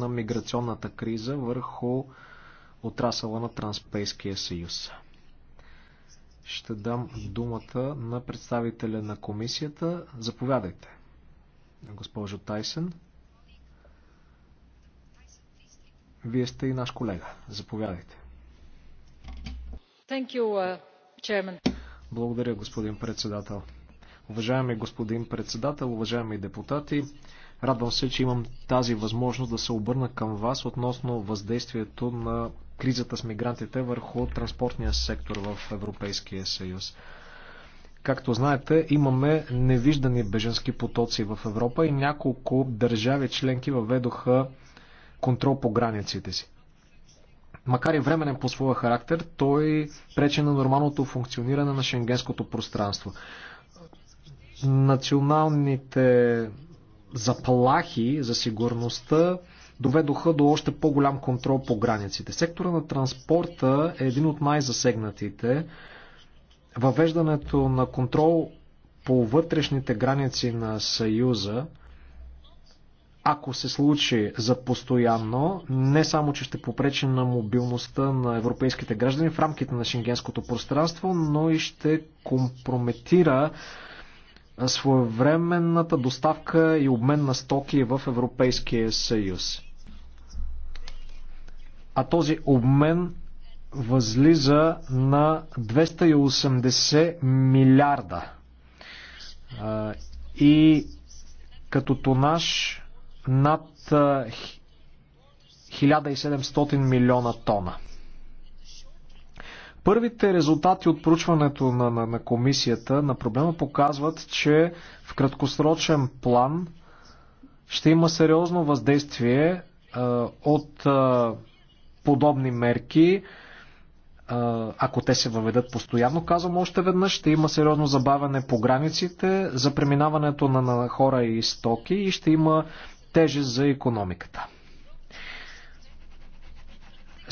на миграционната криза върху отрасъла на Транспейския съюз. Ще дам думата на представителя на комисията. Заповядайте, госпожо Тайсен. Вие сте и наш колега. Заповядайте. Uh, Благодаря, господин председател. Уважаеми господин председател, уважаеми депутати, Радвам се, че имам тази възможност да се обърна към вас относно въздействието на кризата с мигрантите върху транспортния сектор в Европейския съюз. Както знаете, имаме невиждани беженски потоци в Европа и няколко държави членки въведоха контрол по границите си. Макар и временен по своя характер, той пречи на нормалното функциониране на шенгенското пространство. Националните заплахи за сигурността доведоха до още по-голям контрол по границите. Сектора на транспорта е един от най-засегнатите. Въвеждането на контрол по вътрешните граници на Съюза, ако се случи за постоянно, не само, че ще попречи на мобилността на европейските граждани в рамките на шенгенското пространство, но и ще компрометира своевременната доставка и обмен на стоки в Европейския съюз. А този обмен възлиза на 280 милиарда. И като тонаж над 1700 милиона тона. Първите резултати от проучването на, на, на комисията на проблема показват, че в краткосрочен план ще има сериозно въздействие а, е, от а, е, подобни мерки, а, е, ако те се въведат постоянно, казвам още веднъж, ще има сериозно забавяне по границите за преминаването на, на хора и стоки и ще има тежест за економиката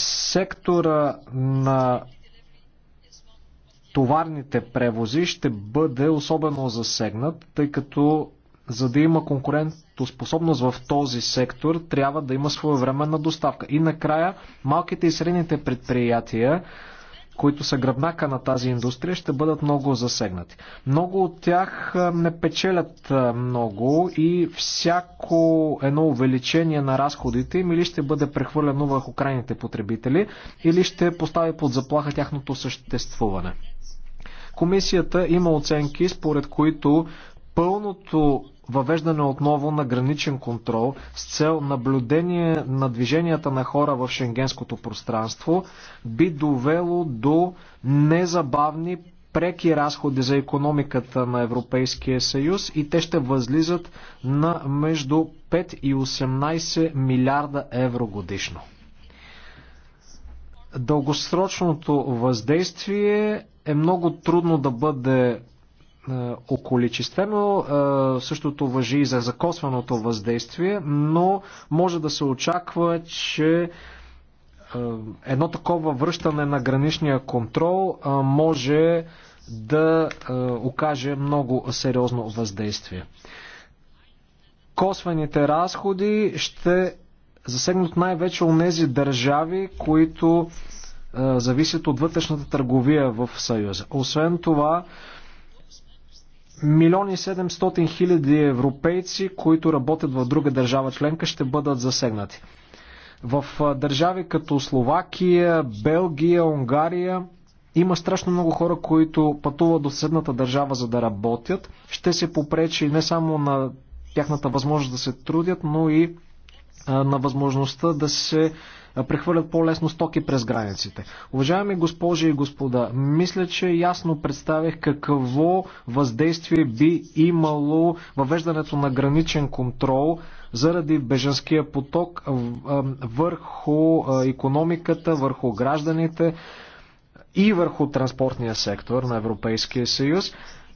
сектора на товарните превози ще бъде особено засегнат, тъй като за да има конкурентоспособност в този сектор, трябва да има своевременна доставка. И накрая, малките и средните предприятия, които са гръбнака на тази индустрия, ще бъдат много засегнати. Много от тях не печелят много и всяко едно увеличение на разходите им или ще бъде прехвърлено върху крайните потребители, или ще постави под заплаха тяхното съществуване. Комисията има оценки, според които пълното въвеждане отново на граничен контрол с цел наблюдение на движенията на хора в шенгенското пространство би довело до незабавни преки разходи за економиката на Европейския съюз и те ще възлизат на между 5 и 18 милиарда евро годишно. Дългосрочното въздействие е много трудно да бъде е, околичествено. Е, същото въжи и за закосваното въздействие, но може да се очаква, че е, едно такова връщане на граничния контрол може да окаже много сериозно въздействие. Косвените разходи ще засегнат най-вече у нези държави, които е, зависят от вътрешната търговия в Съюза. Освен това, милиони 700 хиляди европейци, които работят в друга държава членка, ще бъдат засегнати. В е, държави като Словакия, Белгия, Унгария има страшно много хора, които пътуват до съседната държава за да работят. Ще се попречи не само на тяхната възможност да се трудят, но и е, на възможността да се прехвърлят по-лесно стоки през границите. Уважаеми госпожи и господа, мисля, че ясно представих какво въздействие би имало въвеждането на граничен контрол заради беженския поток върху економиката, върху гражданите и върху транспортния сектор на Европейския съюз.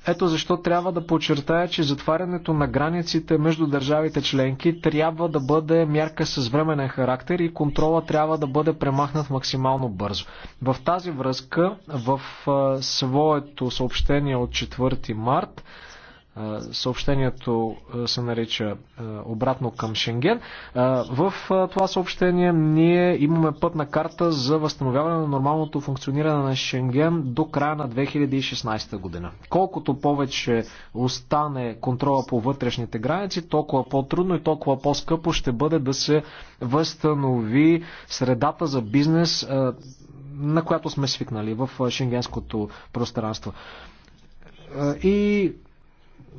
Ето защо трябва да подчертая, че затварянето на границите между държавите членки трябва да бъде мярка с временен характер и контрола трябва да бъде премахнат максимално бързо. В тази връзка, в своето съобщение от 4 март, съобщението се нарича обратно към Шенген. В това съобщение ние имаме пътна карта за възстановяване на нормалното функциониране на Шенген до края на 2016 година. Колкото повече остане контрола по вътрешните граници, толкова по-трудно и толкова по-скъпо ще бъде да се възстанови средата за бизнес, на която сме свикнали в шенгенското пространство. И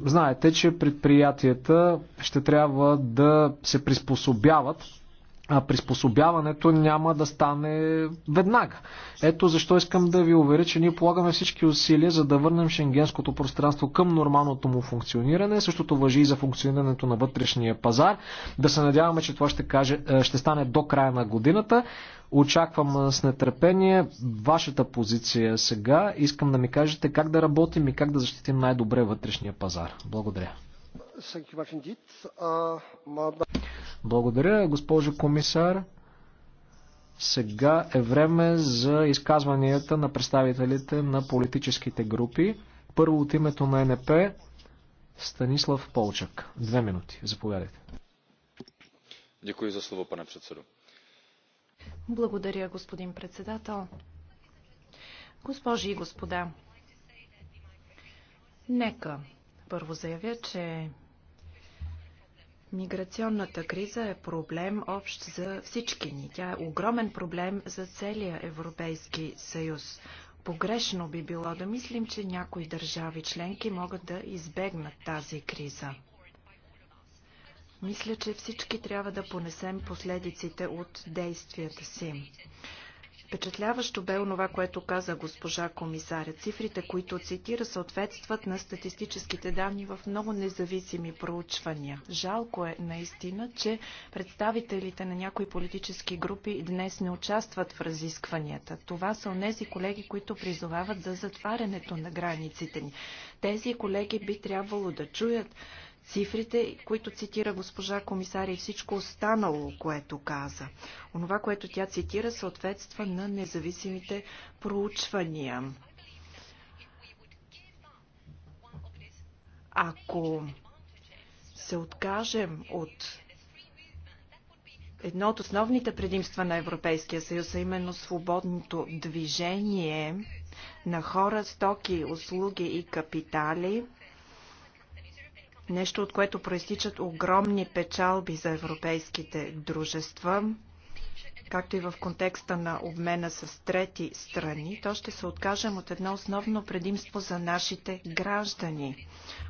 Знаете, че предприятията ще трябва да се приспособяват а, приспособяването няма да стане веднага. Ето защо искам да ви уверя, че ние полагаме всички усилия, за да върнем шенгенското пространство към нормалното му функциониране. Същото въжи и за функционирането на вътрешния пазар. Да се надяваме, че това ще, каже, е, ще стане до края на годината. Очаквам с нетърпение вашата позиция сега. Искам да ми кажете как да работим и как да защитим най-добре вътрешния пазар. Благодаря. Uh, благодаря, госпожо комисар. Сега е време за изказванията на представителите на политическите групи. Първо от името на НП Станислав Полчак. Две минути. Заповядайте. Дякую за слово, пане председател. Благодаря, господин председател. Госпожи и господа, нека първо заявя, че Миграционната криза е проблем общ за всички ни. Тя е огромен проблем за целия Европейски съюз. Погрешно би било да мислим, че някои държави членки могат да избегнат тази криза. Мисля, че всички трябва да понесем последиците от действията си. Впечатляващо бе онова, което каза госпожа комисаря. Цифрите, които цитира, съответстват на статистическите данни в много независими проучвания. Жалко е наистина, че представителите на някои политически групи днес не участват в разискванията. Това са онези колеги, които призовават за затварянето на границите ни. Тези колеги би трябвало да чуят цифрите, които цитира госпожа комисаря и всичко останало, което каза. Онова, което тя цитира, съответства на независимите проучвания. Ако се откажем от едно от основните предимства на Европейския съюз, а именно свободното движение на хора, стоки, услуги и капитали, нещо от което проистичат огромни печалби за европейските дружества, както и в контекста на обмена с трети страни, то ще се откажем от едно основно предимство за нашите граждани,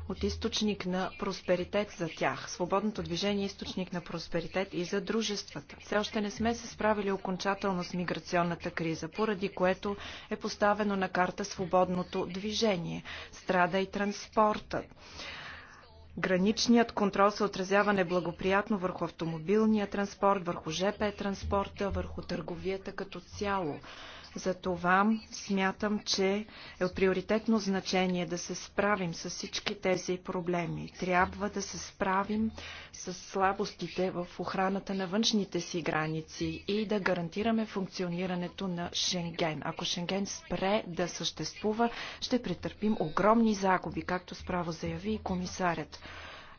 от източник на просперитет за тях. Свободното движение е източник на просперитет и за дружествата. Все още не сме се справили окончателно с миграционната криза, поради което е поставено на карта свободното движение. Страда и транспортът. Граничният контрол се отразява неблагоприятно върху автомобилния транспорт, върху ЖП транспорта, върху търговията като цяло. Затова смятам, че е от приоритетно значение да се справим с всички тези проблеми. Трябва да се справим с слабостите в охраната на външните си граници и да гарантираме функционирането на Шенген. Ако Шенген спре да съществува, ще претърпим огромни загуби, както справо заяви и комисарят.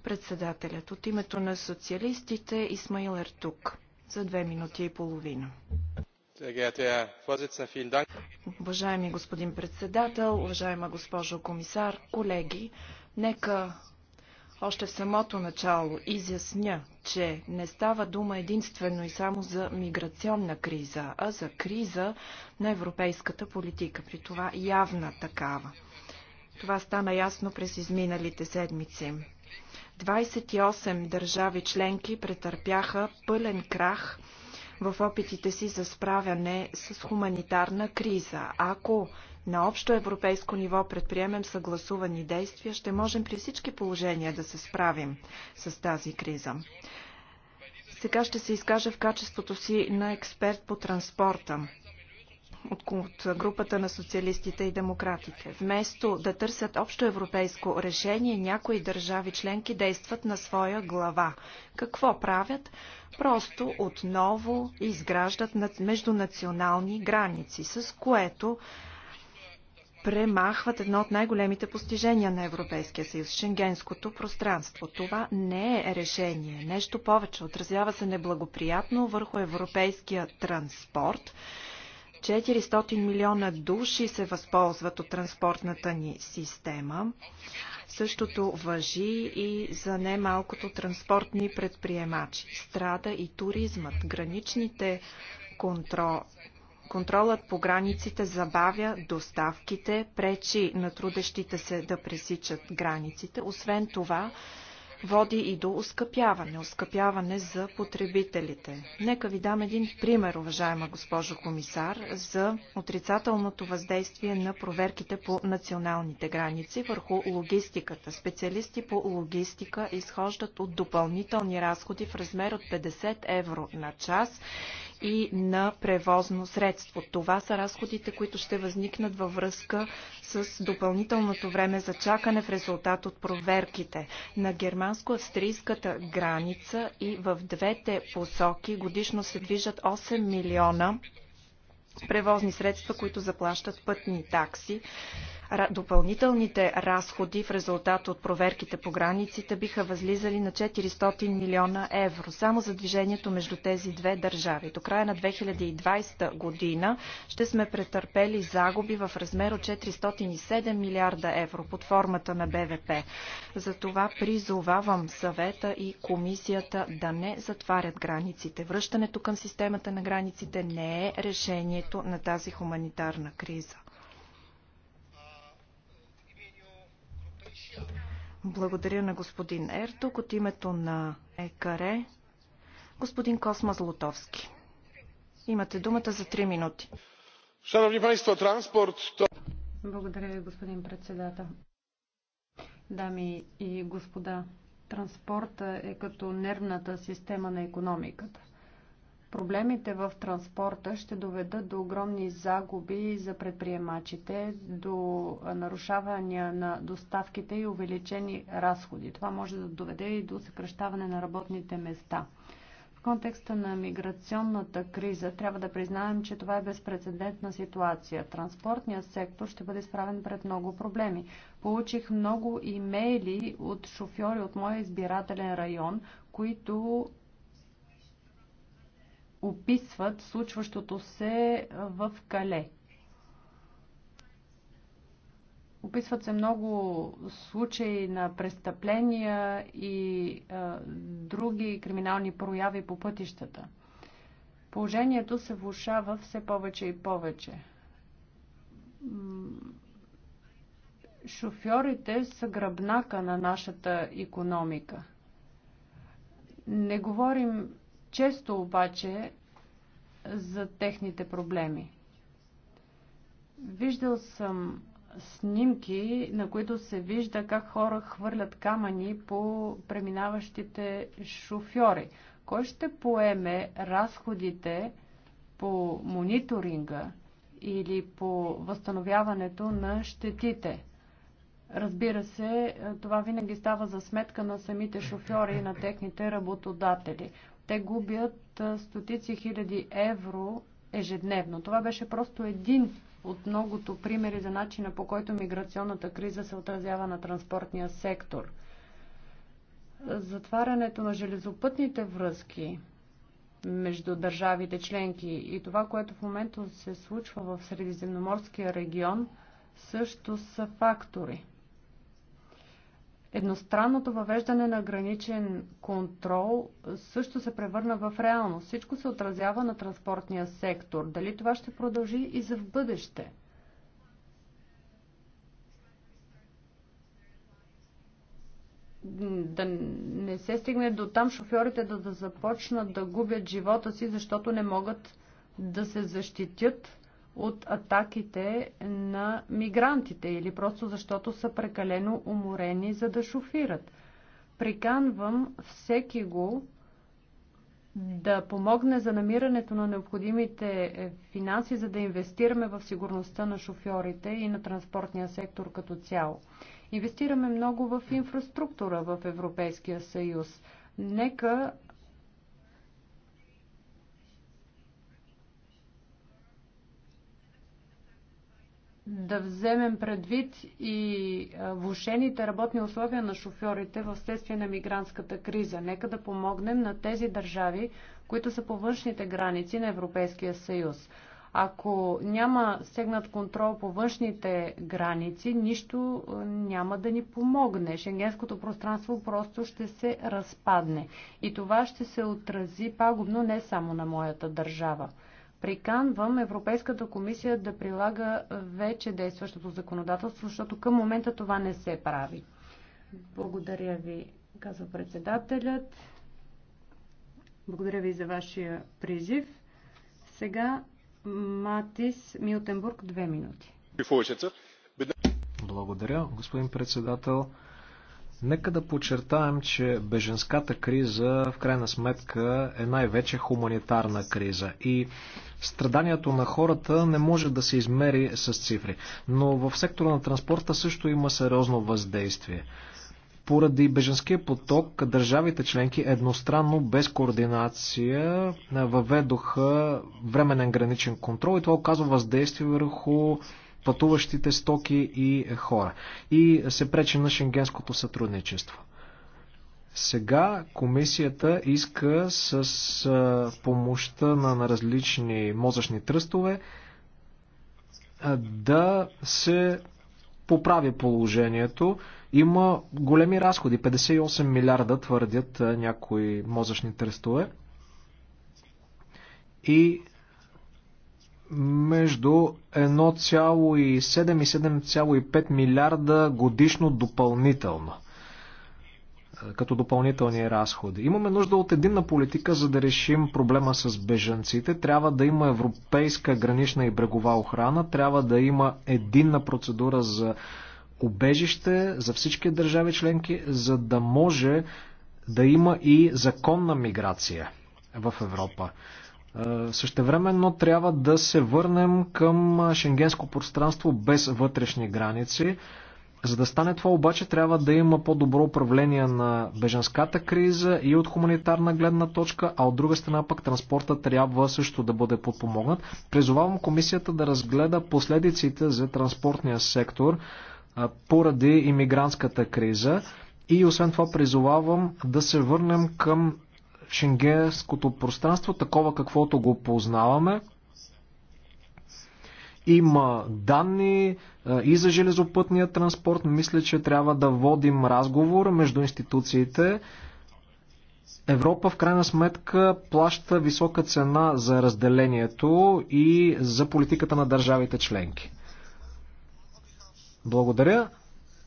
Председателят от името на социалистите Исмаил Ертук за две минути и половина. Уважаеми господин председател, уважаема госпожо комисар, колеги, нека още в самото начало изясня, че не става дума единствено и само за миграционна криза, а за криза на европейската политика, при това явна такава. Това стана ясно през изминалите седмици. 28 държави членки претърпяха пълен крах в опитите си за справяне с хуманитарна криза. Ако на общо европейско ниво предприемем съгласувани действия, ще можем при всички положения да се справим с тази криза. Сега ще се изкажа в качеството си на експерт по транспорта от групата на социалистите и демократите. Вместо да търсят общо европейско решение, някои държави членки действат на своя глава. Какво правят? Просто отново изграждат междунационални граници, с което премахват едно от най-големите постижения на Европейския съюз – шенгенското пространство. Това не е решение. Нещо повече. Отразява се неблагоприятно върху европейския транспорт, 400 милиона души се възползват от транспортната ни система. Същото въжи и за немалкото транспортни предприемачи. Страда и туризмът, граничните контрол, Контролът по границите забавя доставките, пречи на трудещите се да пресичат границите. Освен това, води и до оскъпяване, оскъпяване за потребителите. Нека ви дам един пример, уважаема госпожо комисар, за отрицателното въздействие на проверките по националните граници върху логистиката. Специалисти по логистика изхождат от допълнителни разходи в размер от 50 евро на час и на превозно средство. Това са разходите, които ще възникнат във връзка с допълнителното време за чакане в резултат от проверките. На германско-австрийската граница и в двете посоки годишно се движат 8 милиона превозни средства, които заплащат пътни такси допълнителните разходи в резултат от проверките по границите биха възлизали на 400 милиона евро само за движението между тези две държави. До края на 2020 година ще сме претърпели загуби в размер от 407 милиарда евро под формата на БВП. Затова призовавам съвета и комисията да не затварят границите. Връщането към системата на границите не е решението на тази хуманитарна криза. Благодаря на господин Ертук от името на ЕКАРЕ. Господин Косма Злотовски. Имате думата за 3 минути. Шановни панство, транспорт... Благодаря ви, господин председател. Дами и господа, транспорта е като нервната система на економиката – Проблемите в транспорта ще доведат до огромни загуби за предприемачите, до нарушавания на доставките и увеличени разходи. Това може да доведе и до съкръщаване на работните места. В контекста на миграционната криза трябва да признаем, че това е безпредседентна ситуация. Транспортният сектор ще бъде изправен пред много проблеми. Получих много имейли от шофьори от моя избирателен район, които описват случващото се в Кале. Описват се много случаи на престъпления и а, други криминални прояви по пътищата. Положението се влушава все повече и повече. Шофьорите са гръбнака на нашата економика. Не говорим често обаче за техните проблеми. Виждал съм снимки, на които се вижда как хора хвърлят камъни по преминаващите шофьори. Кой ще поеме разходите по мониторинга или по възстановяването на щетите? Разбира се, това винаги става за сметка на самите шофьори и на техните работодатели. Те губят стотици хиляди евро ежедневно. Това беше просто един от многото примери за начина по който миграционната криза се отразява на транспортния сектор. Затварянето на железопътните връзки между държавите членки и това, което в момента се случва в Средиземноморския регион, също са фактори. Едностранното въвеждане на граничен контрол също се превърна в реалност. Всичко се отразява на транспортния сектор. Дали това ще продължи и за в бъдеще? да не се стигне до там шофьорите да, да започнат да губят живота си, защото не могат да се защитят от атаките на мигрантите или просто защото са прекалено уморени за да шофират. Приканвам всеки го да помогне за намирането на необходимите финанси, за да инвестираме в сигурността на шофьорите и на транспортния сектор като цяло. Инвестираме много в инфраструктура в Европейския съюз. Нека да вземем предвид и влушените работни условия на шофьорите в следствие на мигрантската криза. Нека да помогнем на тези държави, които са по външните граници на Европейския съюз. Ако няма сегнат контрол по външните граници, нищо няма да ни помогне. Шенгенското пространство просто ще се разпадне. И това ще се отрази пагубно не само на моята държава. Приканвам Европейската комисия да прилага вече действащото законодателство, защото към момента това не се прави. Благодаря ви, казва председателят. Благодаря ви за вашия призив. Сега Матис Милтенбург, две минути. Благодаря, господин председател. Нека да подчертаем, че беженската криза в крайна сметка е най-вече хуманитарна криза и страданието на хората не може да се измери с цифри. Но в сектора на транспорта също има сериозно въздействие. Поради беженския поток, държавите членки едностранно, без координация, въведоха временен граничен контрол и това оказва въздействие върху пътуващите стоки и хора. И се пречи на шенгенското сътрудничество. Сега комисията иска с помощта на, на различни мозъчни тръстове да се поправи положението. Има големи разходи. 58 милиарда твърдят някои мозъчни тръстове. И между 1,7 и 7,5 милиарда годишно допълнително е, като допълнителни разходи. Имаме нужда от единна политика, за да решим проблема с бежанците. Трябва да има европейска гранична и брегова охрана, трябва да има единна процедура за убежище за всички държави членки, за да може да има и законна миграция в Европа. Е, същевременно трябва да се върнем към шенгенско пространство без вътрешни граници. За да стане това обаче трябва да има по-добро управление на беженската криза и от хуманитарна гледна точка, а от друга страна пък транспорта трябва също да бъде подпомогнат. Призовавам комисията да разгледа последиците за транспортния сектор е, поради иммигрантската криза и освен това призовавам да се върнем към шенгенското пространство, такова каквото го познаваме. Има данни е, и за железопътния транспорт. Мисля, че трябва да водим разговор между институциите. Европа в крайна сметка плаща висока цена за разделението и за политиката на държавите членки. Благодаря.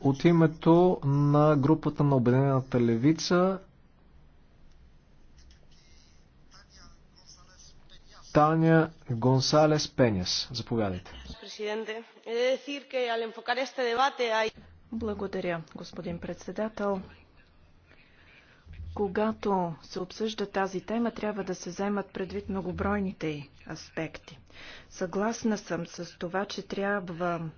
От името на групата на Обединената левица Таня Гонсалес Пенес. Заповядайте. Благодаря, господин председател. Когато се обсъжда тази тема, трябва да се вземат предвид многобройните аспекти. Съгласна съм с това, че трябва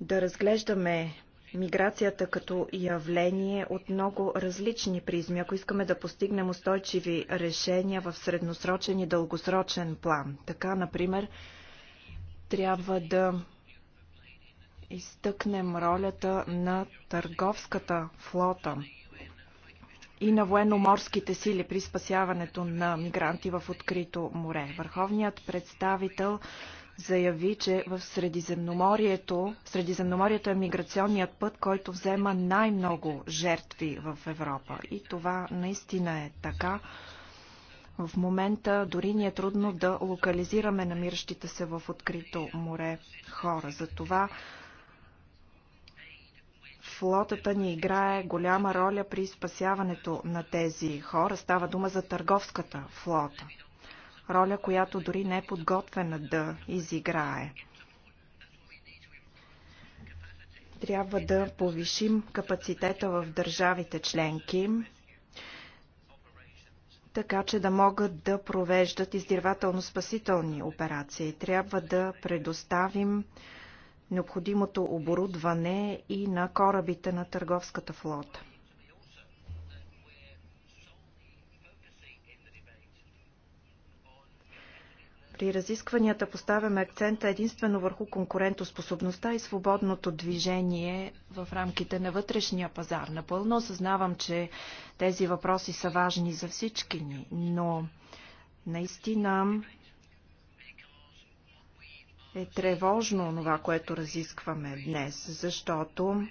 да разглеждаме миграцията като явление от много различни призми, ако искаме да постигнем устойчиви решения в средносрочен и дългосрочен план. Така, например, трябва да изтъкнем ролята на търговската флота и на военноморските сили при спасяването на мигранти в открито море. Върховният представител заяви, че в Средиземноморието, Средиземноморието е миграционният път, който взема най-много жертви в Европа. И това наистина е така. В момента дори ни е трудно да локализираме намиращите се в открито море хора. Затова флотата ни играе голяма роля при спасяването на тези хора. Става дума за търговската флота роля, която дори не е подготвена да изиграе. Трябва да повишим капацитета в държавите членки, така че да могат да провеждат издирвателно-спасителни операции. Трябва да предоставим необходимото оборудване и на корабите на търговската флота. При разискванията поставяме акцента единствено върху конкурентоспособността и свободното движение в рамките на вътрешния пазар. Напълно осъзнавам, че тези въпроси са важни за всички ни, но наистина е тревожно това, което разискваме днес, защото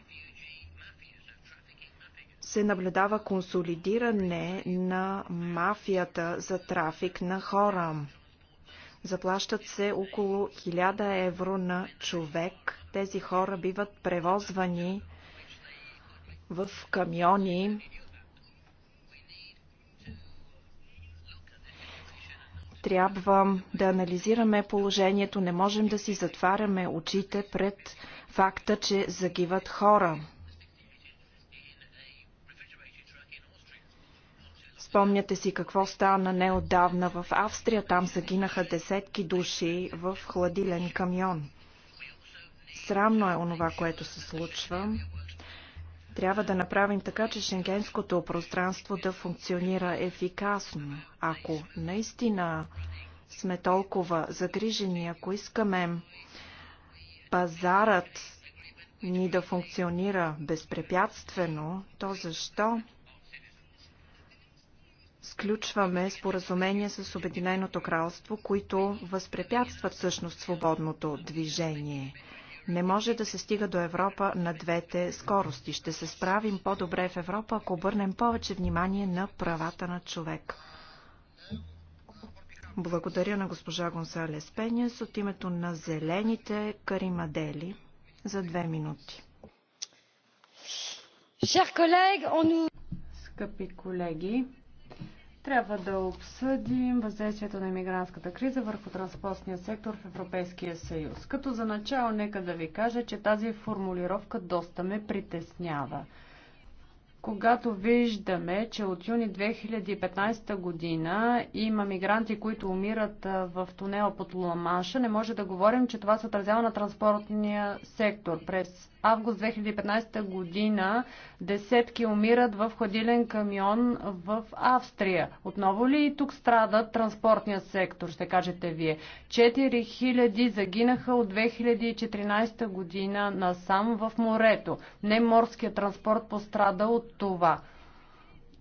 се наблюдава консолидиране на мафията за трафик на хора. Заплащат се около 1000 евро на човек. Тези хора биват превозвани в камиони. Трябва да анализираме положението. Не можем да си затваряме очите пред факта, че загиват хора. Спомняте си какво стана неотдавна в Австрия. Там загинаха десетки души в хладилен камион. Срамно е онова, което се случва. Трябва да направим така, че шенгенското пространство да функционира ефикасно. Ако наистина сме толкова загрижени, ако искаме пазарът ни да функционира безпрепятствено, то защо сключваме споразумения с Обединеното кралство, които възпрепятстват всъщност свободното движение. Не може да се стига до Европа на двете скорости. Ще се справим по-добре в Европа, ако обърнем повече внимание на правата на човек. Благодаря на госпожа Гонсалес Пенес от името на Зелените Каримадели за две минути. Скъпи колеги, трябва да обсъдим въздействието на иммигрантската криза върху транспортния сектор в Европейския съюз. Като за начало нека да ви кажа, че тази формулировка доста ме притеснява когато виждаме, че от юни 2015 година има мигранти, които умират в тунела под Ламанша, не може да говорим, че това се отразява на транспортния сектор. През август 2015 година десетки умират в ходилен камион в Австрия. Отново ли и тук страда транспортният сектор, ще кажете вие? 4000 загинаха от 2014 година насам в морето. Не морският транспорт пострада от това.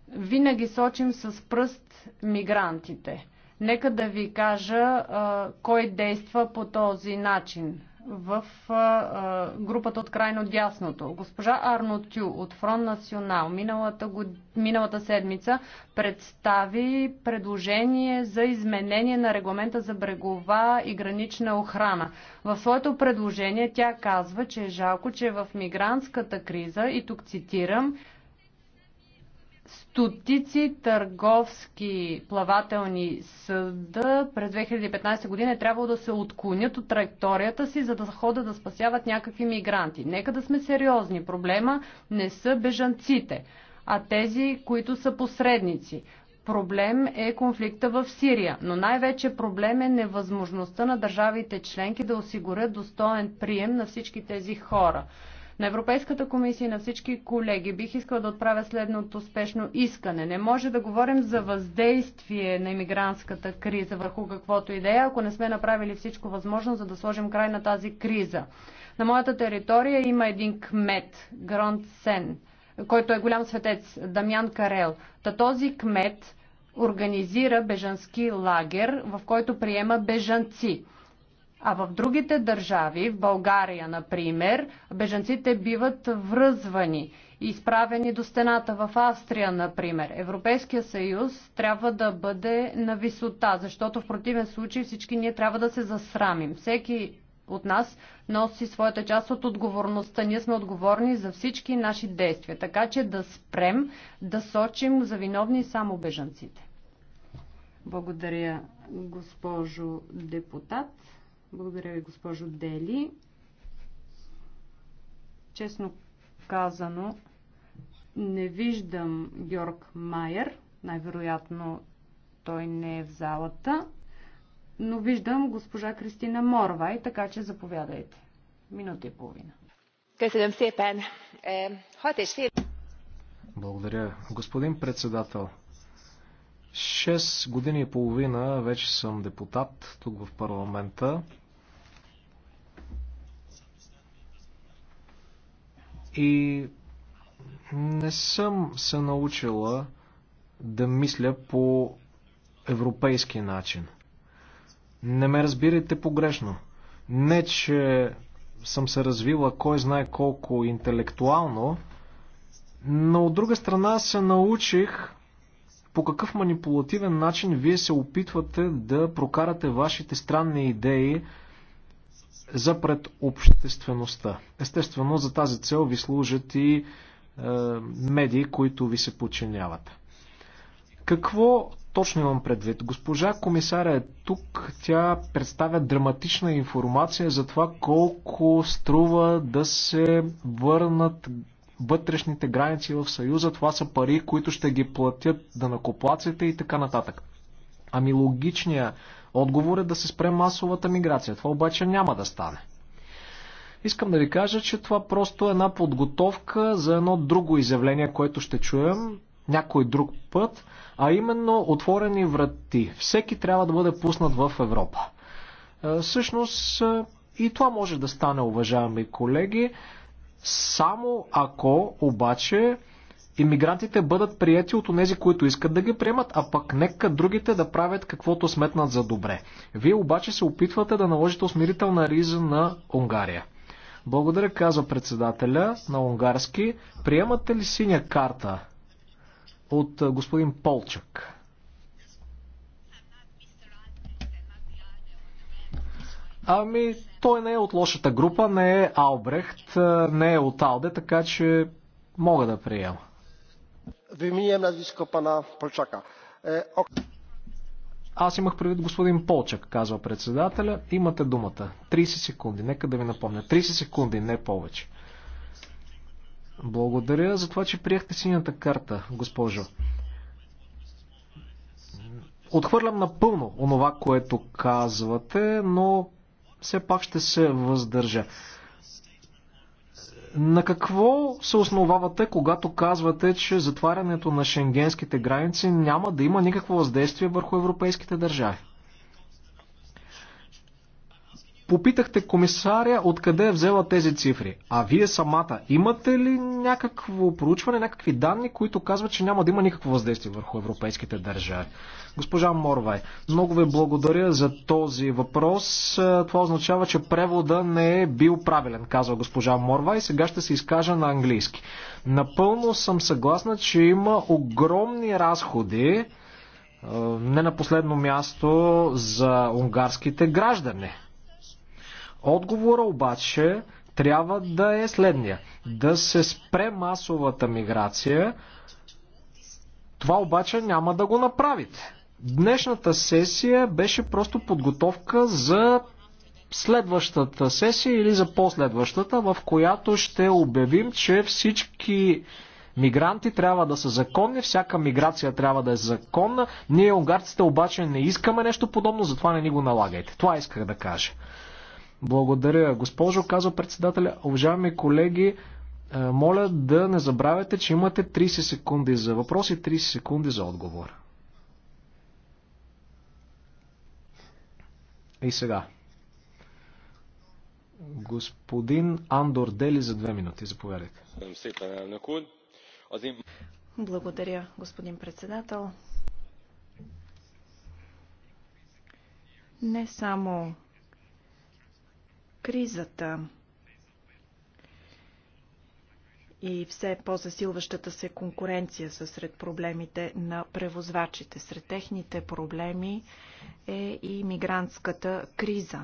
Винаги сочим с пръст мигрантите. Нека да ви кажа а, кой действа по този начин в а, групата от крайно дясното. Госпожа Арно Тю от Фронт Национал миналата, год... миналата седмица представи предложение за изменение на регламента за брегова и гранична охрана. В своето предложение тя казва, че е жалко, че в мигрантската криза, и тук цитирам, стотици търговски плавателни съда през 2015 година е трябвало да се отклонят от траекторията си, за да ходят да спасяват някакви мигранти. Нека да сме сериозни. Проблема не са бежанците, а тези, които са посредници. Проблем е конфликта в Сирия, но най-вече проблем е невъзможността на държавите членки да осигурят достоен прием на всички тези хора. На Европейската комисия и на всички колеги бих искала да отправя следното спешно искане. Не може да говорим за въздействие на иммигрантската криза върху каквото идея, ако не сме направили всичко възможно, за да сложим край на тази криза. На моята територия има един кмет, Гронт Сен, който е голям светец, Дамян Карел. Та този кмет организира бежански лагер, в който приема бежанци. А в другите държави, в България, например, бежанците биват връзвани, изправени до стената в Австрия, например. Европейския съюз трябва да бъде на висота, защото в противен случай всички ние трябва да се засрамим. Всеки от нас носи своята част от отговорността. Ние сме отговорни за всички наши действия. Така че да спрем да сочим за виновни само бежанците. Благодаря, госпожо депутат. Благодаря ви, госпожо Дели. Честно казано, не виждам Георг Майер. Най-вероятно той не е в залата. Но виждам госпожа Кристина Морвай, така че заповядайте. Минута и половина. Е, е Благодаря, господин председател. 6 години и половина вече съм депутат тук в парламента. И не съм се научила да мисля по европейски начин. Не ме разбирайте погрешно. Не, че съм се развила кой знае колко интелектуално, но от друга страна се научих по какъв манипулативен начин вие се опитвате да прокарате вашите странни идеи за пред обществеността. Естествено, за тази цел ви служат и е, медии, които ви се подчиняват. Какво точно имам предвид? Госпожа комисаря е тук. Тя представя драматична информация за това колко струва да се върнат вътрешните граници в Съюза, това са пари, които ще ги платят данакоплаците и така нататък. Ами логичният отговор е да се спре масовата миграция. Това обаче няма да стане. Искам да ви кажа, че това просто е една подготовка за едно друго изявление, което ще чуем някой друг път, а именно отворени врати. Всеки трябва да бъде пуснат в Европа. Е, всъщност е, и това може да стане, уважаеми колеги. Само ако обаче иммигрантите бъдат прияти от тези, които искат да ги приемат, а пък нека другите да правят каквото сметнат за добре. Вие обаче се опитвате да наложите усмирителна риза на Унгария. Благодаря, казва председателя на унгарски. Приемате ли синя карта от господин Полчак? Ами, той не е от лошата група, не е Албрехт, не е от Алде, така че мога да приема. Вимием дископа на Полчака. Е, ок... Аз имах предвид господин Полчак, казва председателя. Имате думата. 30 секунди. Нека да ви напомня. 30 секунди, не повече. Благодаря за това, че приехте синята карта, госпожо. Отхвърлям напълно онова, което казвате, но все пак ще се въздържа. На какво се основавате, когато казвате, че затварянето на шенгенските граници няма да има никакво въздействие върху европейските държави? Попитахте комисаря откъде е взела тези цифри. А вие самата имате ли някакво проучване, някакви данни, които казват, че няма да има никакво въздействие върху европейските държави? Госпожа Морвай, много ви благодаря за този въпрос. Е, това означава, че превода не е бил правилен, казва госпожа Морвай. Сега ще се изкажа на английски. Напълно съм съгласна, че има огромни разходи, е, не на последно място за унгарските граждани. Отговора обаче трябва да е следния. Да се спре масовата миграция. Това обаче няма да го направите. Днешната сесия беше просто подготовка за следващата сесия или за последващата, в която ще обявим, че всички мигранти трябва да са законни, всяка миграция трябва да е законна. Ние, унгарците, обаче не искаме нещо подобно, затова не ни го налагайте. Това исках да кажа. Благодаря. Госпожо, казва председателя, уважаеми колеги, е, моля да не забравяйте, че имате 30 секунди за въпрос и 30 секунди за отговор. И сега. Господин Андор Дели за две минути. Заповядайте. Благодаря, господин председател. Не само кризата и все по-засилващата се конкуренция са сред проблемите на превозвачите. Сред техните проблеми е и мигрантската криза.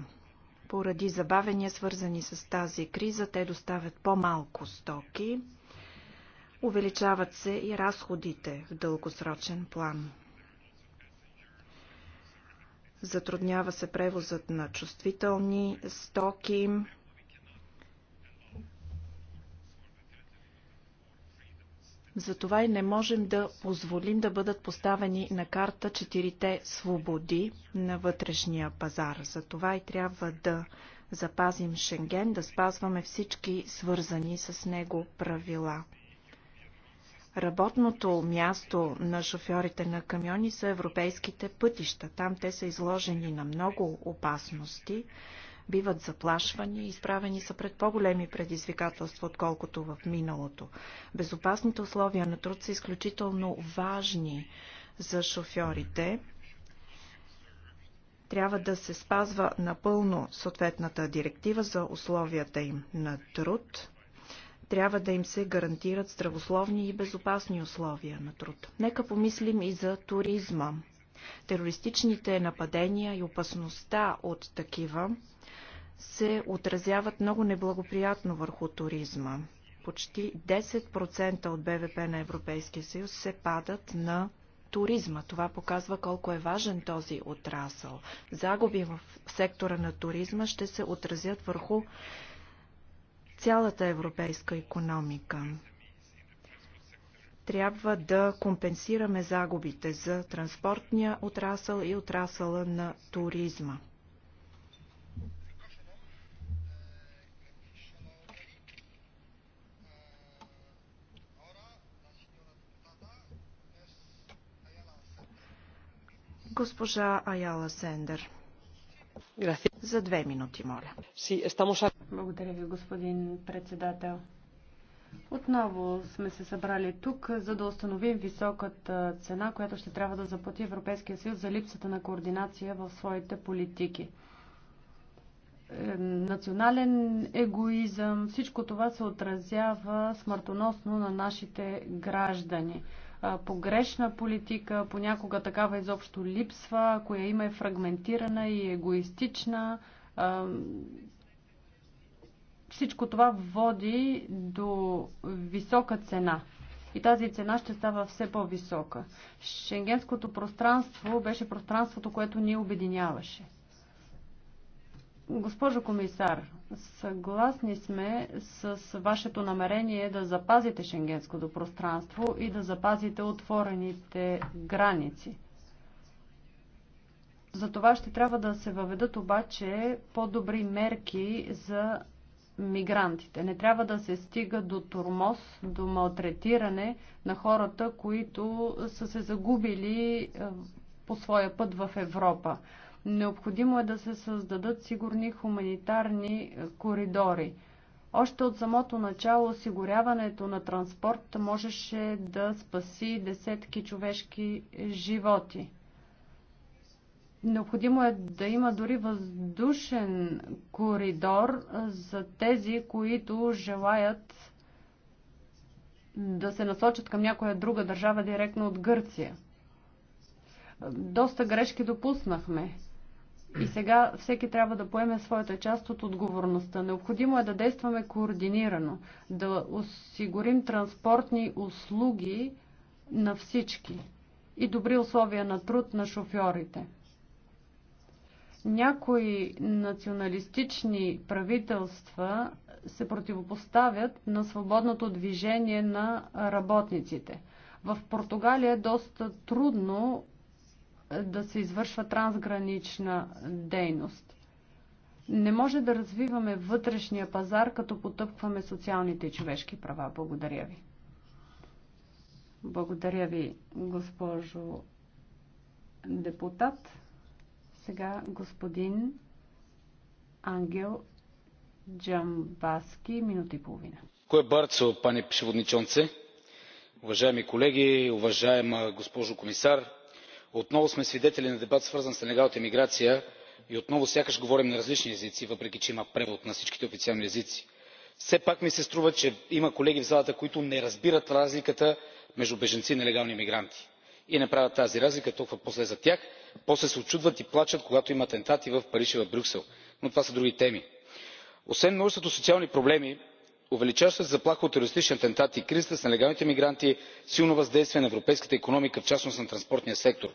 Поради забавения, свързани с тази криза, те доставят по-малко стоки. Увеличават се и разходите в дългосрочен план. Затруднява се превозът на чувствителни стоки. Затова и не можем да позволим да бъдат поставени на карта четирите свободи на вътрешния пазар. Затова и трябва да запазим Шенген, да спазваме всички свързани с него правила. Работното място на шофьорите на камиони са европейските пътища. Там те са изложени на много опасности, биват заплашвани и изправени са пред по-големи предизвикателства, отколкото в миналото. Безопасните условия на труд са изключително важни за шофьорите. Трябва да се спазва напълно съответната директива за условията им на труд – трябва да им се гарантират здравословни и безопасни условия на труд. Нека помислим и за туризма. Терористичните нападения и опасността от такива се отразяват много неблагоприятно върху туризма. Почти 10% от БВП на Европейския съюз се падат на туризма. Това показва колко е важен този отрасъл. Загуби в сектора на туризма ще се отразят върху цялата европейска економика. Трябва да компенсираме загубите за транспортния отрасъл и отрасъла на туризма. госпожа Аяла Сендер. За две минути, моля. Благодаря ви, господин председател. Отново сме се събрали тук, за да установим високата цена, която ще трябва да заплати Европейския съюз за липсата на координация в своите политики. Е, национален егоизъм, всичко това се отразява смъртоносно на нашите граждани погрешна политика, понякога такава изобщо липсва, коя има е фрагментирана и егоистична. Всичко това води до висока цена. И тази цена ще става все по-висока. Шенгенското пространство беше пространството, което ни обединяваше. Госпожо комисар, съгласни сме с вашето намерение да запазите шенгенското пространство и да запазите отворените граници. За това ще трябва да се въведат обаче по-добри мерки за мигрантите. Не трябва да се стига до турмоз, до малтретиране на хората, които са се загубили е, по своя път в Европа. Необходимо е да се създадат сигурни хуманитарни е, коридори. Още от самото начало осигуряването на транспорт можеше да спаси десетки човешки животи. Необходимо е да има дори въздушен коридор за тези, които желаят да се насочат към някоя друга държава директно от Гърция. Доста грешки допуснахме. И сега всеки трябва да поеме своята част от отговорността. Необходимо е да действаме координирано, да осигурим транспортни услуги на всички и добри условия на труд на шофьорите. Някои националистични правителства се противопоставят на свободното движение на работниците. В Португалия е доста трудно да се извършва трансгранична дейност. Не може да развиваме вътрешния пазар, като потъпкваме социалните и човешки права. Благодаря ви. Благодаря ви, госпожо депутат. Сега господин Ангел Джамбаски, минута и половина. Кое барцо, пане пешеводничонце? Уважаеми колеги, уважаема госпожо комисар, отново сме свидетели на дебат свързан с нелегалната миграция и отново сякаш говорим на различни езици въпреки че има превод на всичките официални езици. все пак ми се струва че има колеги в залата които не разбират разликата между бежанци и нелегални мигранти и не правят тази разлика толкова после за тях после се учудват и плачат когато има атентати в париж и в брюксел но това са други теми. освен множеството социални проблеми увеличаващата се заплаха от терористични атентати кризата с нелегалните мигранти силно въздействие на европейската икономика в частност на транспортния сектор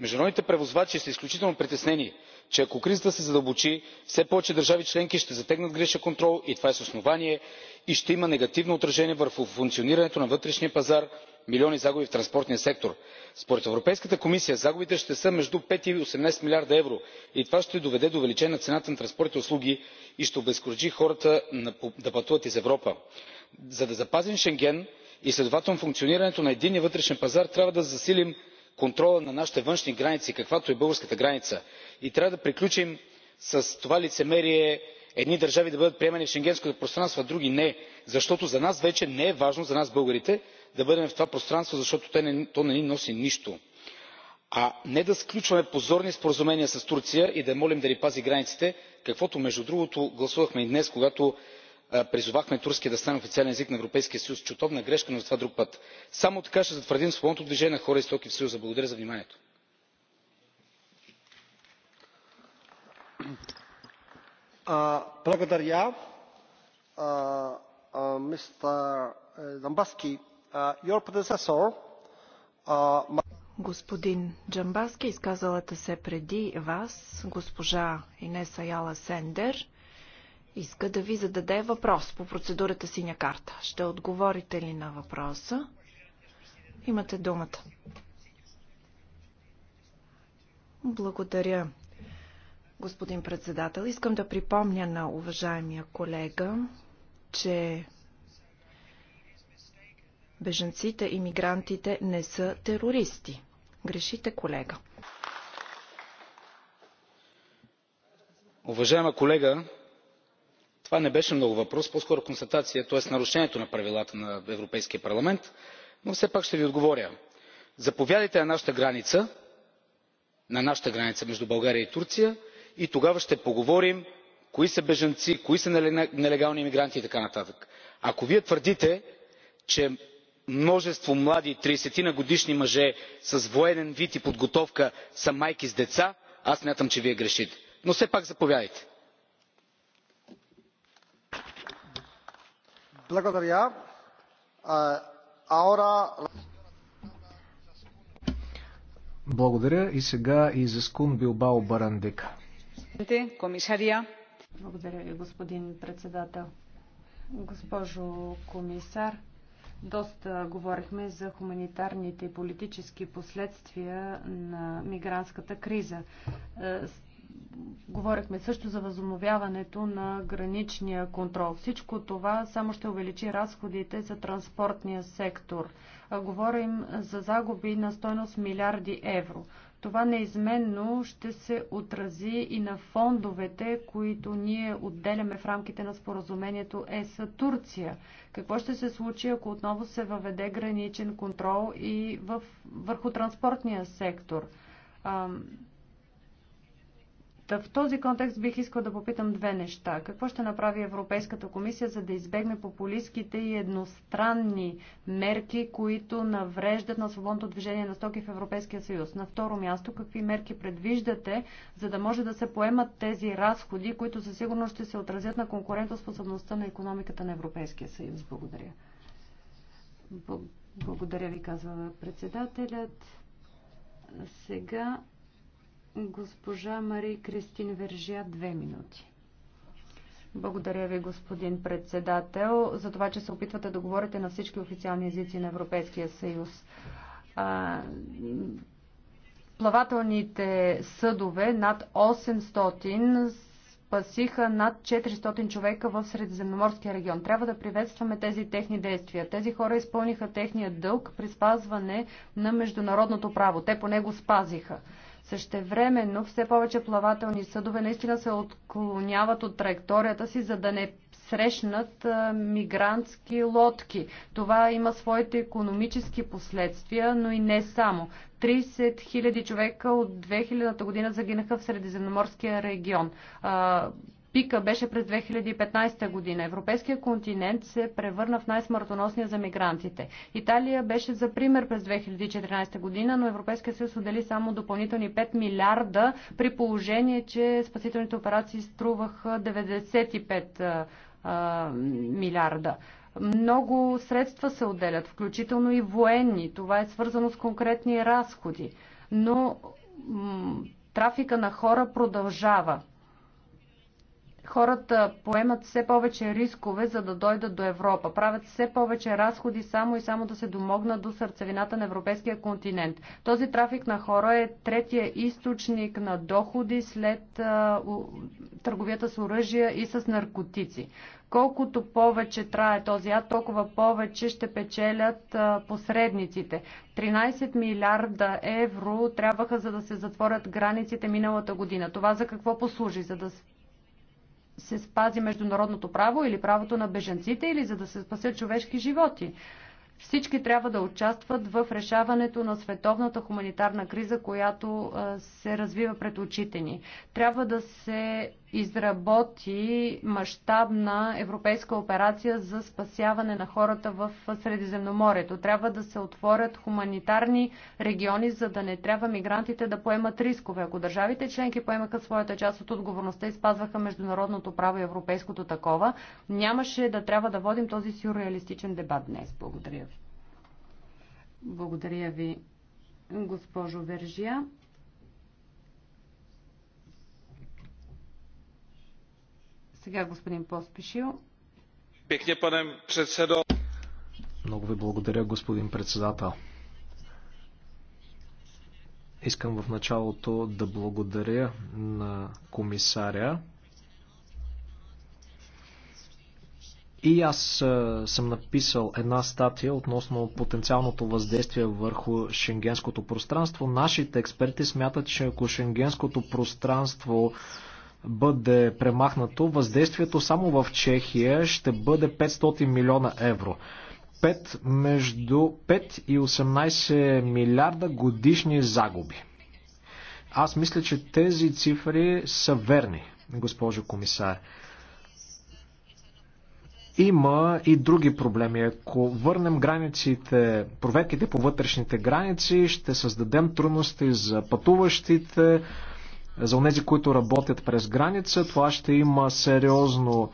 международните превозвачи са изключително притеснени че ако кризата се задълбочи все повече държави членки ще затегнат граничния контрол и това е с основание и ще има негативно отражение върху функционирането на вътрешния пазар милиони загуби в транспортния сектор. според европейската комисия загубите ще са между пет и осемнадесет милиарда евро и това ще доведе до увеличение на цената на транспортните услуги и ще обезкуражи хората да пътуват из европа. за да запазим шенген и следователно функционирането на единния вътрешен пазар трябва да засилим контрола на нашите външни граници каквато е българската граница. и трябва да приключим с това лицемерие едни държави да бъдат приемани в шенгенското пространство а други не защото за нас вече не е важно за нас българите да бъдем в това пространство защото то не ни носи нищо а не да сключваме позорни споразумения с турция и да я молим да ни пази границите каквото между другото гласувахме и днес когато призовахме турски да стане официален език на европейския съюз. Чутовна грешка, но за това друг път. Само така ще затвърдим свободното движение на хора и стоки в Съюза. Благодаря за вниманието. Е, Господин Джамбазки, изказалата се преди вас, госпожа Инеса Яла Сендер, иска да ви зададе въпрос по процедурата синя карта. Ще отговорите ли на въпроса? Имате думата. Благодаря, господин председател. Искам да припомня на уважаемия колега, че беженците и мигрантите не са терористи. Грешите, колега. Уважаема колега, това не беше много въпрос по скоро констатация тоест нарушението на правилата на европейския парламент но все пак ще ви отговоря. заповядайте на нашата граница на нашата граница между българя и турция и тогава ще поговорим кои са бежанци кои са нелегални иммигранти и така нататък. ако вие твърдите че множество млади годишни мъже с военен вид и подготовка са майки с деца аз смятам че вие грешите. но все пак заповядайте. Eh, Благодаря и сега и за Скун Билбао Комисария. Благодаря ви, господин председател. Госпожо комисар, доста говорихме за хуманитарните и политически последствия на мигрантската криза. Е, говорихме също за възобновяването на граничния контрол. Всичко това само ще увеличи разходите за транспортния сектор. Говорим за загуби на стойност милиарди евро. Това неизменно ще се отрази и на фондовете, които ние отделяме в рамките на споразумението ЕС Турция. Какво ще се случи, ако отново се въведе граничен контрол и в, върху транспортния сектор? Та в този контекст бих искал да попитам две неща. Какво ще направи Европейската комисия, за да избегне популистските и едностранни мерки, които навреждат на свободното движение на стоки в Европейския съюз? На второ място, какви мерки предвиждате, за да може да се поемат тези разходи, които със сигурност ще се отразят на конкурентоспособността на економиката на Европейския съюз? Благодаря. Благодаря ви, казва председателят. Сега Госпожа Мари Кристин Вержия, две минути. Благодаря ви, господин председател, за това, че се опитвате да говорите на всички официални езици на Европейския съюз. А, плавателните съдове над 800 спасиха над 400 човека в Средиземноморския регион. Трябва да приветстваме тези техни действия. Тези хора изпълниха техния дълг при спазване на международното право. Те по него спазиха. Същевременно все повече плавателни съдове наистина се отклоняват от траекторията си, за да не срещнат мигрантски лодки. Това има своите економически последствия, но и не само. 30 000 човека от 2000 година загинаха в Средиземноморския регион. Пика беше през 2015 година. Европейския континент се превърна в най-смъртоносния за мигрантите. Италия беше за пример през 2014 година, но Европейския съюз отдели само допълнителни 5 милиарда при положение, че спасителните операции струваха 95 а, милиарда. Много средства се отделят, включително и военни. Това е свързано с конкретни разходи. Но трафика на хора продължава. Хората поемат все повече рискове, за да дойдат до Европа. Правят все повече разходи само и само да се домогнат до сърцевината на европейския континент. Този трафик на хора е третия източник на доходи след а, у, търговията с оръжия и с наркотици. Колкото повече трае този ад, толкова повече ще печелят а, посредниците. 13 милиарда евро трябваха за да се затворят границите миналата година. Това за какво послужи? За да се спази международното право или правото на беженците, или за да се спасят човешки животи. Всички трябва да участват в решаването на световната хуманитарна криза, която се развива пред очите ни. Трябва да се изработи мащабна европейска операция за спасяване на хората в Средиземноморието. Трябва да се отворят хуманитарни региони, за да не трябва мигрантите да поемат рискове. Ако държавите членки поемаха своята част от отговорността и спазваха международното право и европейското такова, нямаше да трябва да водим този сюрреалистичен дебат днес. Благодаря ви. Благодаря ви, госпожо Вержия. Сега господин Поспишил. Пекне, председо. Много ви благодаря, господин председател. Искам в началото да благодаря на комисаря. И аз съм написал една статия относно потенциалното въздействие върху шенгенското пространство. Нашите експерти смятат, че ако шенгенското пространство бъде премахнато, въздействието само в Чехия ще бъде 500 милиона евро. 5, между 5 и 18 милиарда годишни загуби. Аз мисля, че тези цифри са верни, госпожо комисар. Има и други проблеми. Ако върнем границите, проверките по вътрешните граници, ще създадем трудности за пътуващите, за онези, които работят през граница. Това ще има сериозно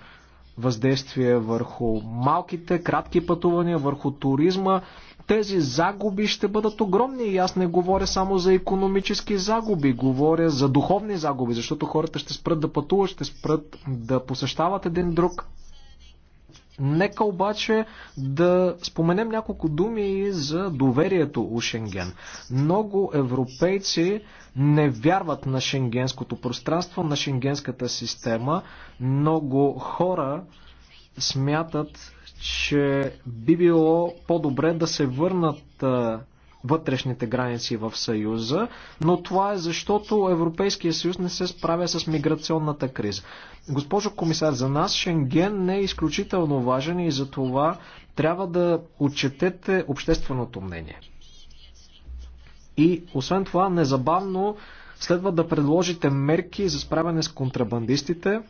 въздействие върху малките, кратки пътувания, върху туризма. Тези загуби ще бъдат огромни и аз не говоря само за економически загуби, говоря за духовни загуби, защото хората ще спрат да пътуват, ще спрат да посещават един друг. Нека обаче да споменем няколко думи за доверието у Шенген. Много европейци не вярват на шенгенското пространство, на шенгенската система. Много хора смятат, че би било по-добре да се върнат вътрешните граници в Съюза, но това е защото Европейския съюз не се справя с миграционната криза. Госпожо комисар, за нас Шенген не е изключително важен и за това трябва да отчетете общественото мнение. И освен това, незабавно следва да предложите мерки за справяне с контрабандистите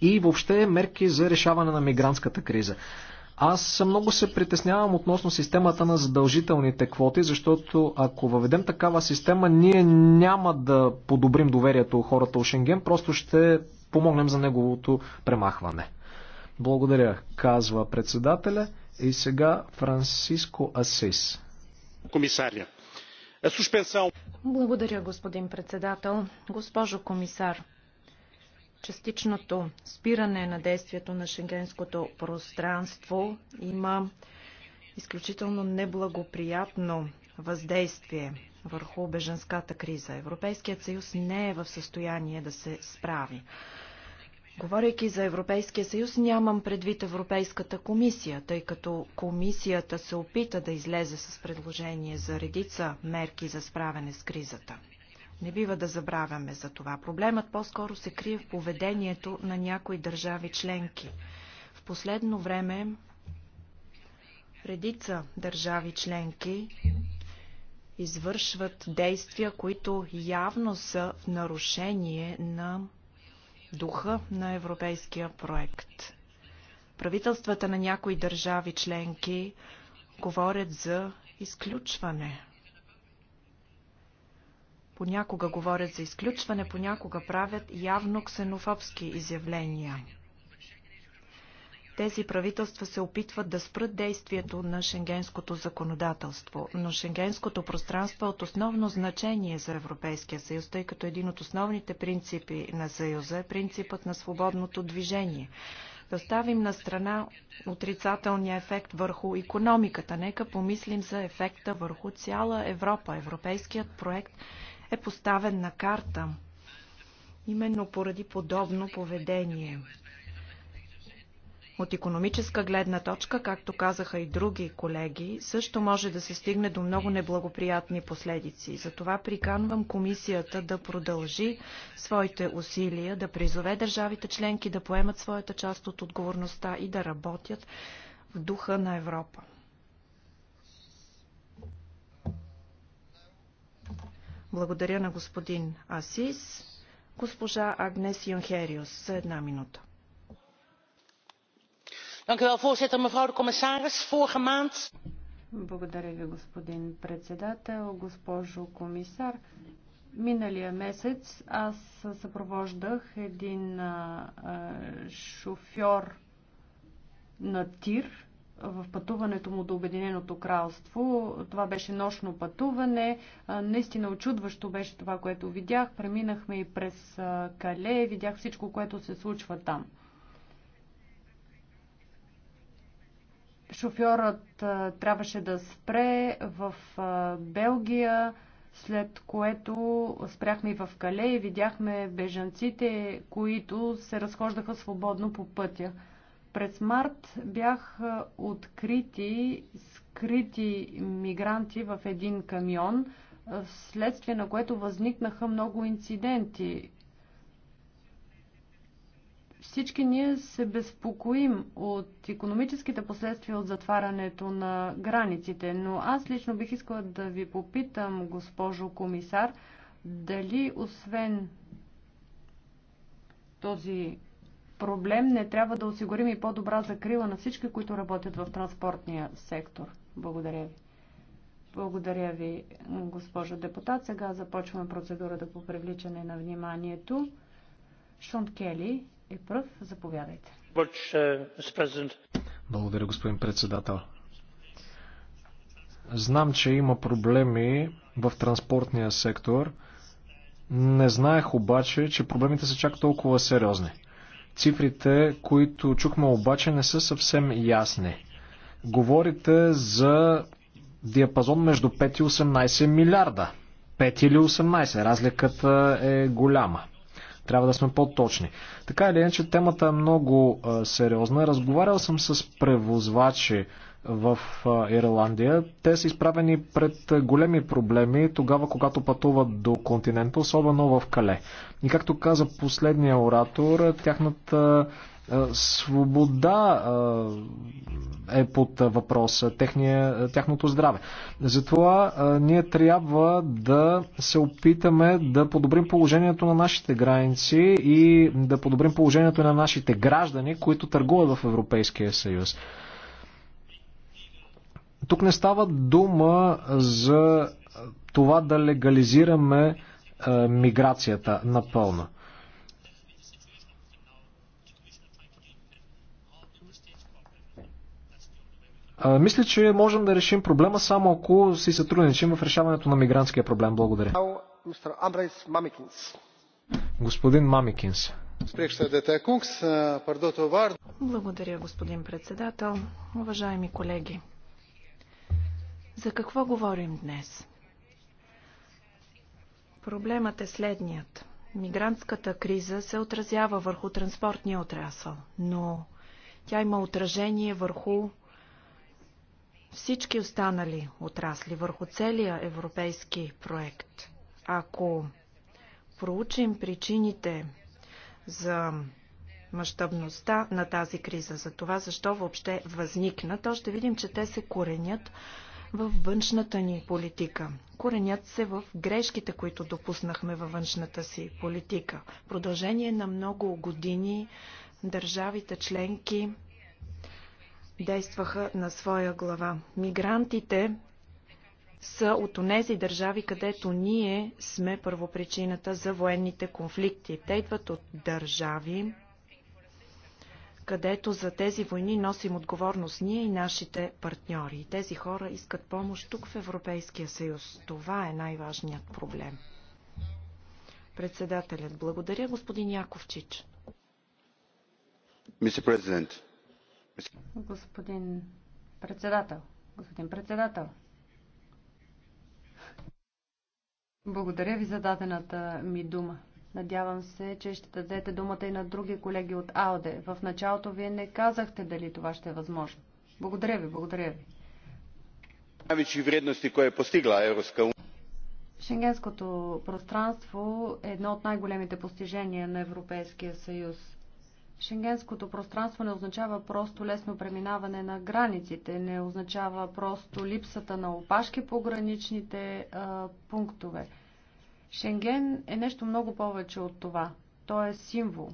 и въобще мерки за решаване на мигрантската криза. Аз много се притеснявам относно системата на задължителните квоти, защото ако въведем такава система, ние няма да подобрим доверието у хората у Шенген, просто ще помогнем за неговото премахване. Благодаря, казва председателя. И сега Франциско Асис. Комисаря. Е, Благодаря, господин председател. Госпожо комисар, частичното спиране на действието на шенгенското пространство има изключително неблагоприятно въздействие върху беженската криза. Европейският съюз не е в състояние да се справи. Говорейки за Европейския съюз, нямам предвид Европейската комисия, тъй като комисията се опита да излезе с предложение за редица мерки за справяне с кризата. Не бива да забравяме за това. Проблемът по-скоро се крие в поведението на някои държави членки. В последно време редица държави членки извършват действия, които явно са в нарушение на духа на европейския проект. Правителствата на някои държави членки говорят за изключване. Понякога говорят за изключване, понякога правят явно ксенофобски изявления. Тези правителства се опитват да спрат действието на шенгенското законодателство, но шенгенското пространство е от основно значение за Европейския съюз, тъй като един от основните принципи на съюза е принципът на свободното движение. Да ставим на страна отрицателния ефект върху економиката. Нека помислим за ефекта върху цяла Европа. Европейският проект е поставен на карта, именно поради подобно поведение. От економическа гледна точка, както казаха и други колеги, също може да се стигне до много неблагоприятни последици. Затова приканвам комисията да продължи своите усилия, да призове държавите членки да поемат своята част от отговорността и да работят в духа на Европа. Благодаря на господин Асис. Госпожа Агнес Юнхериус за една минута. Благодаря ви, господин председател, госпожо комисар. Миналия месец аз съпровождах един а, а, шофьор на тир, в пътуването му до Обединеното кралство. Това беше нощно пътуване. Наистина очудващо беше това, което видях. Преминахме и през Кале, видях всичко, което се случва там. Шофьорът трябваше да спре в Белгия, след което спряхме и в Кале и видяхме бежанците, които се разхождаха свободно по пътя. През март бяха открити скрити мигранти в един камион, вследствие на което възникнаха много инциденти. Всички ние се безпокоим от економическите последствия от затварянето на границите, но аз лично бих искала да ви попитам, госпожо комисар, дали освен този проблем, не трябва да осигурим и по-добра закрила на всички, които работят в транспортния сектор. Благодаря ви. Благодаря ви, госпожо депутат. Сега започваме процедурата по привличане на вниманието. Шон Кели е пръв. Заповядайте. Благодаря, господин председател. Знам, че има проблеми в транспортния сектор. Не знаех обаче, че проблемите са чак толкова сериозни. Цифрите, които чухме обаче, не са съвсем ясни. Говорите за диапазон между 5 и 18 милиарда. 5 или 18. Разликата е голяма. Трябва да сме по-точни. Така или иначе, темата е много сериозна. Разговарял съм с превозвачи в Ирландия. Те са изправени пред големи проблеми тогава, когато пътуват до континента, особено в Кале. И както каза последния оратор, тяхната свобода е под въпрос, техния, тяхното здраве. Затова ние трябва да се опитаме да подобрим положението на нашите граници и да подобрим положението на нашите граждани, които търгуват в Европейския съюз. Тук не става дума за това да легализираме е, миграцията напълно. Е, мисля, че можем да решим проблема само ако си сътрудничим в решаването на мигрантския проблем. Благодаря. Господин Мамикинс. Е, Благодаря, господин председател. Уважаеми колеги, за какво говорим днес? Проблемът е следният. Мигрантската криза се отразява върху транспортния отрасъл, но тя има отражение върху всички останали отрасли, върху целия европейски проект. Ако проучим причините за мащабността на тази криза, за това защо въобще възникна, то ще видим, че те се коренят във външната ни политика. Коренят се в грешките, които допуснахме във външната си политика. В продължение на много години държавите членки действаха на своя глава. Мигрантите са от онези държави, където ние сме първопричината за военните конфликти. Те идват от държави, където за тези войни носим отговорност ние и нашите партньори. И тези хора искат помощ тук в Европейския съюз. Това е най-важният проблем. Председателят, благодаря господин Яковчич. Господин председател, господин председател, благодаря ви за дадената ми дума. Надявам се, че ще дадете думата и на други колеги от АОДЕ. В началото вие не казахте дали това ще е възможно. Благодаря ви, благодаря ви. Najveći vrijednosti koje je postigla Europska Шенгенското пространство е едно от най-големите постижения на Европейския съюз. Шенгенското пространство не означава просто лесно преминаване на границите, не означава просто липсата на опашки по граничните а, пунктове. Шенген е нещо много повече от това. Той е символ.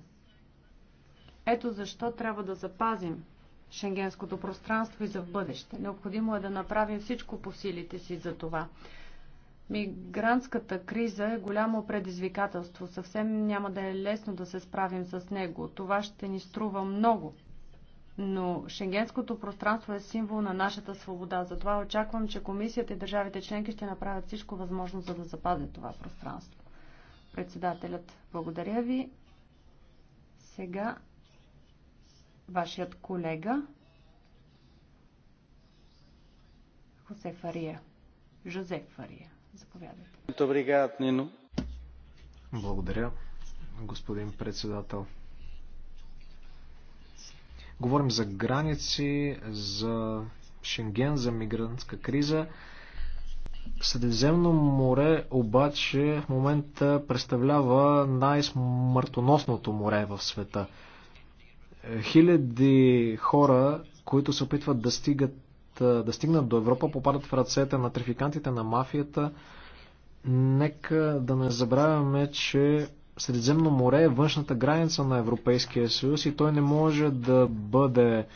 Ето защо трябва да запазим шенгенското пространство и за в бъдеще. Необходимо е да направим всичко по силите си за това. Мигрантската криза е голямо предизвикателство. Съвсем няма да е лесно да се справим с него. Това ще ни струва много но шенгенското пространство е символ на нашата свобода. Затова очаквам, че комисията и държавите членки ще направят всичко възможно, за да запазят това пространство. Председателят, благодаря ви. Сега вашият колега Хосе Фария. Жозеф Фария. Заповядайте. Благодаря, господин председател. Говорим за граници, за Шенген, за мигрантска криза. Средиземно море обаче в момента представлява най-смъртоносното море в света. Хиляди хора, които се опитват да, стигат, да стигнат до Европа, попадат в ръцете на трафикантите, на мафията. Нека да не забравяме, че Средиземно море е външната граница на Европейския съюз и той не може да бъде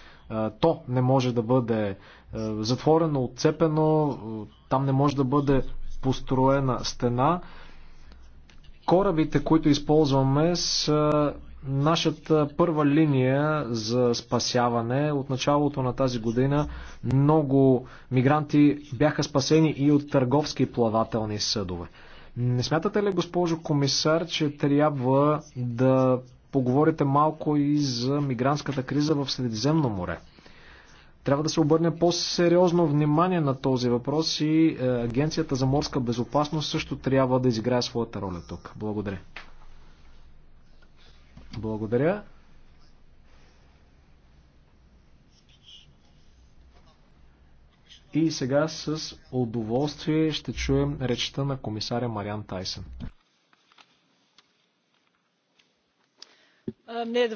то не може да бъде затворено, отцепено, там не може да бъде построена стена. Корабите, които използваме, са нашата първа линия за спасяване. От началото на тази година много мигранти бяха спасени и от търговски плавателни съдове. Не смятате ли, госпожо комисар, че трябва да поговорите малко и за мигрантската криза в Средиземно море? Трябва да се обърне по-сериозно внимание на този въпрос и е, Агенцията за морска безопасност също трябва да изиграе своята роля тук. Благодаря. Благодаря. И сега с удоволствие ще чуем речта на комисаря Мариан Тайсън. Е,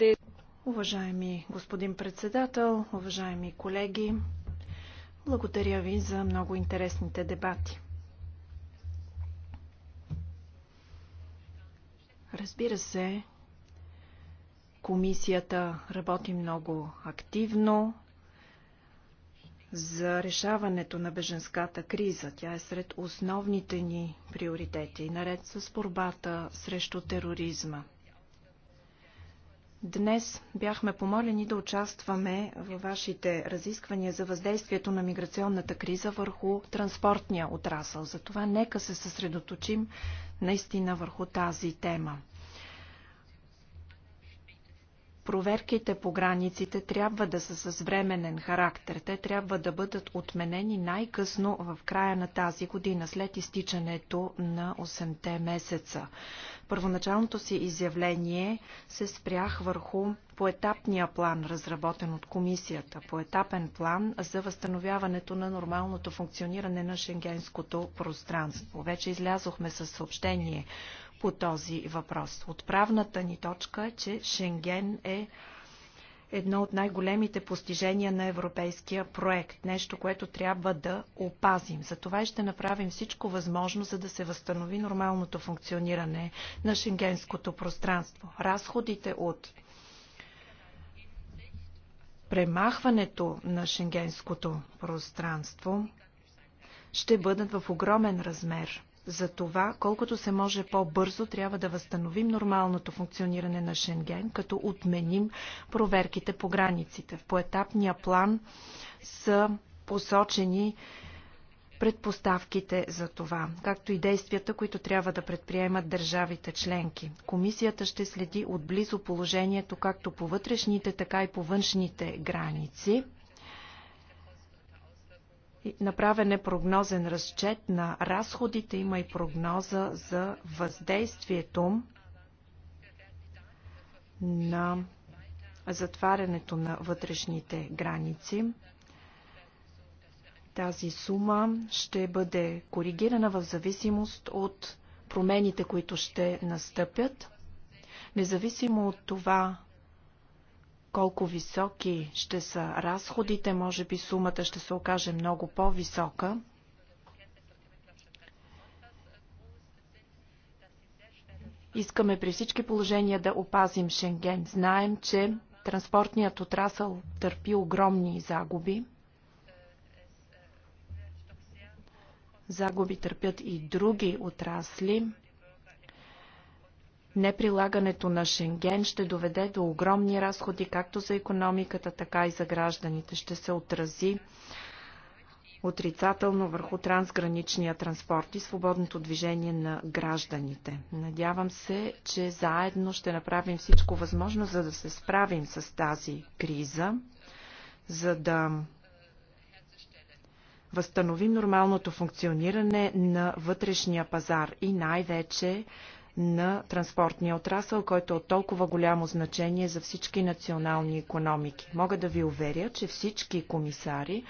е, уважаеми господин председател, уважаеми колеги, благодаря ви за много интересните дебати. Разбира се, Комисията работи много активно за решаването на беженската криза. Тя е сред основните ни приоритети, наред с борбата срещу тероризма. Днес бяхме помолени да участваме във вашите разисквания за въздействието на миграционната криза върху транспортния отрасъл. Затова нека се съсредоточим наистина върху тази тема. Проверките по границите трябва да са с временен характер. Те трябва да бъдат отменени най-късно в края на тази година, след изтичането на 8-те месеца. Първоначалното си изявление се спрях върху поетапния план, разработен от комисията, поетапен план за възстановяването на нормалното функциониране на шенгенското пространство. Вече излязохме със съобщение по този въпрос. Отправната ни точка е, че Шенген е едно от най-големите постижения на европейския проект. Нещо, което трябва да опазим. За това и ще направим всичко възможно, за да се възстанови нормалното функциониране на шенгенското пространство. Разходите от премахването на шенгенското пространство ще бъдат в огромен размер за това, колкото се може по-бързо трябва да възстановим нормалното функциониране на Шенген, като отменим проверките по границите. В поетапния план са посочени предпоставките за това, както и действията, които трябва да предприемат държавите членки. Комисията ще следи отблизо положението както по вътрешните, така и по външните граници. Направен е прогнозен разчет на разходите, има и прогноза за въздействието на затварянето на вътрешните граници. Тази сума ще бъде коригирана в зависимост от промените, които ще настъпят. Независимо от това колко високи ще са разходите, може би сумата ще се окаже много по-висока. Искаме при всички положения да опазим Шенген. Знаем, че транспортният отрасъл търпи огромни загуби. Загуби търпят и други отрасли. Неприлагането на Шенген ще доведе до огромни разходи както за економиката, така и за гражданите. Ще се отрази отрицателно върху трансграничния транспорт и свободното движение на гражданите. Надявам се, че заедно ще направим всичко възможно, за да се справим с тази криза, за да възстановим нормалното функциониране на вътрешния пазар и най-вече на транспортния отрасъл, който е от толкова голямо значение за всички национални економики. Мога да ви уверя, че всички комисари,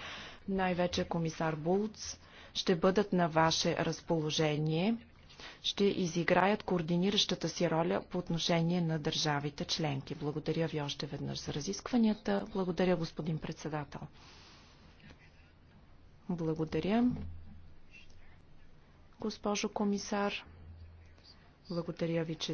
най-вече комисар Булц, ще бъдат на ваше разположение, ще изиграят координиращата си роля по отношение на държавите членки. Благодаря ви още веднъж за разискванията. Благодаря, господин председател. Благодаря. Госпожо комисар, благодаря ви, че